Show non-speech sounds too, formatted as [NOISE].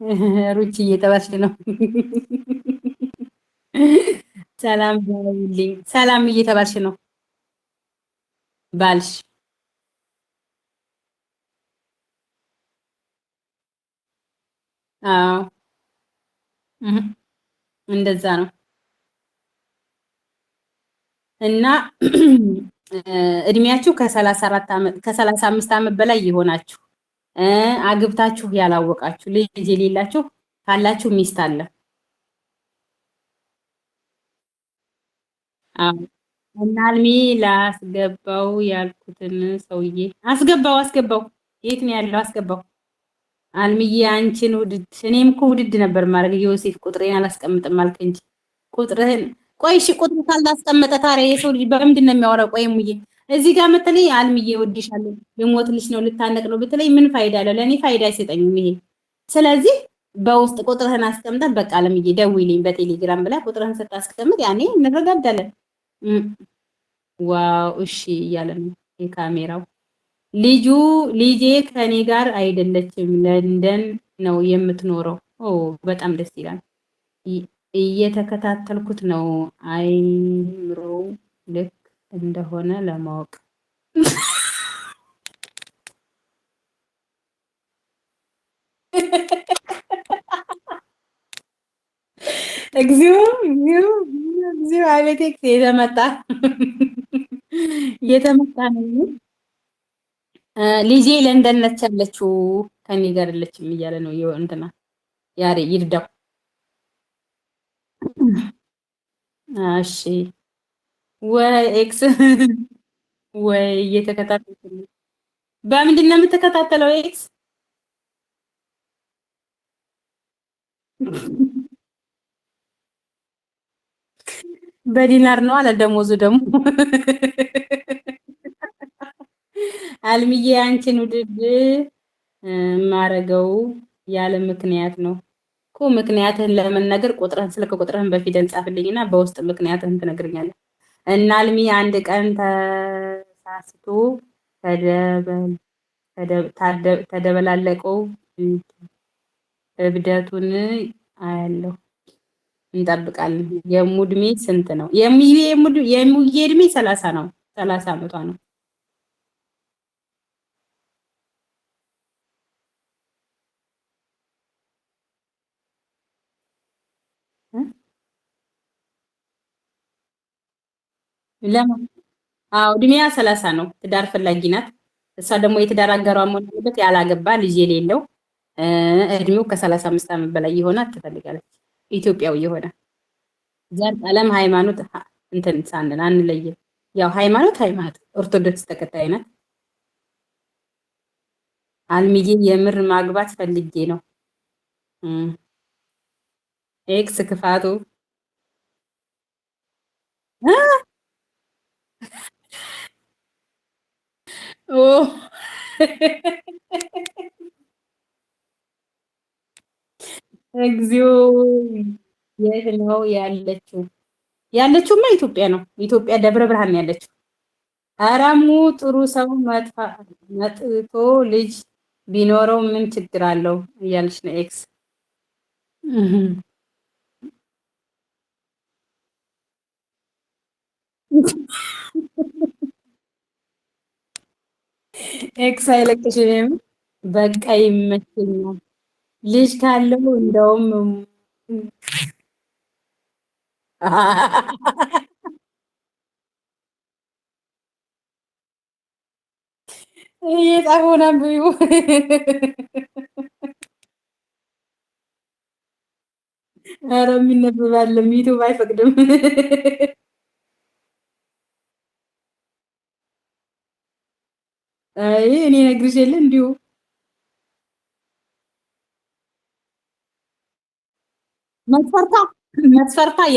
[LAUGHS] ሩች እየጠባች ነው። [LAUGHS] ሰላም ባልልኝ ሰላም እየተባልሽ ነው ባልሽ አዎ እንደዛ ነው። እና [CLEARS THROAT] እድሜያችሁ ከሰላሳ አራት ከሰላሳ አምስት ዓመት በላይ የሆናችሁ አግብታችሁ ያላወቃችሁ ልጅ የሌላችሁ ካላችሁ ሚስት አለ። እና አልሚ ላስገባው ያልኩትን ሰውዬ አስገባው፣ አስገባው። የት ነው ያለው? አስገባው። አልሚዬ አንቺን ውድድ፣ እኔም እኮ ውድድ ነበር ማድረግ የወሴት ቁጥሬን አላስቀምጥም አልክ እንጂ ቁጥርህን። ቆይ እሺ፣ ቁጥር ካላስቀመጠ ታዲያ የሰው ልጅ በምንድን ነው የሚያወራው? ቆይ ሙዬ እዚህ ጋር መተለይ አልምዬ የሞት ልጅ ነው ልታነቅ ነው ብትለይ ምን ፋይዳ አለው? ለእኔ ፋይዳ አይሰጠኝም ይሄ። ስለዚህ በውስጥ ቁጥርህን አስቀምጠን በቃ አለምዬ ደውይልኝ በቴሌግራም ብላ ቁጥርህን ስታስቀምጥ ያኔ እንረዳዳለን። ዋው እሺ እያለ ነው የካሜራው ልጁ። ልጄ ከኔ ጋር አይደለችም ለንደን ነው የምትኖረው። ኦ በጣም ደስ ይላል። እየተከታተልኩት ነው አይምሮ ልክ እንደሆነ ለማወቅ እግዚኦ እግዚኦ እግዚኦ የተመጣ የተመጣ ነው። ልጄ ለንደን ነች ያለችው ከኔ ጋር የለችም እያለ ነው እንትና ያሬ ይርዳው። እሺ ወይ ኤክስ ወይ እየተከታተልኩኝ። በምንድን ነው የምትከታተለው? ኤክስ በዲናር ነው አለ ደሞዙ። ደግሞ አልምዬ አንቺን ውድድ ማረገው ያለ ምክንያት ነው እኮ። ምክንያትህን ለመናገር ቁጥርህን፣ ስልክ ቁጥርህን በፊደል ጻፍልኝና በውስጥ ምክንያትህን ትነግርኛለህ። እና አልሚ አንድ ቀን ተሳስቶ ተደበላለቀው እብደቱን አያለሁ። እንጠብቃለን። የሙድሜ ስንት ነው? የሙዬ እድሜ ሰላሳ ነው። ሰላሳ አመቷ ነው። ለማን? አዎ እድሜያ ሰላሳ ነው። ትዳር ፈላጊ ናት። እሷ ደግሞ የትዳር አጋሯ መሆንበት ያላገባ ልጅ የሌለው እድሜው ከሰላሳ አምስት ዓመት በላይ የሆነ ትፈልጋለች። ኢትዮጵያዊ የሆነ ዘር፣ ቀለም፣ ሃይማኖት እንትን ሳንን አንለይም። ያው ሃይማኖት ሃይማኖት ኦርቶዶክስ ተከታይ ናት። አልሚዬ የምር ማግባት ፈልጌ ነው። ኤክስ ክፋቱ bravo. እግዚኦ የት ነው ያለችው? ያለችውማ ኢትዮጵያ ነው። ኢትዮጵያ ደብረ ብርሃን ያለችው። አረሙ ጥሩ ሰው መጥቶ ልጅ ቢኖረው ምን ችግር አለው እያለች ነው ኤክስ ኤክስ አይለቅሽም። በቃ ይመቸኛል። ልጅ ካለው እንደውም እየጻፈውን አንብቢው። ኧረ የሚነበባለም ዩቱብ አይፈቅድም። ይህ እኔ ነግርሽ የለ እንዲሁ መስፈርታ መስፈርታ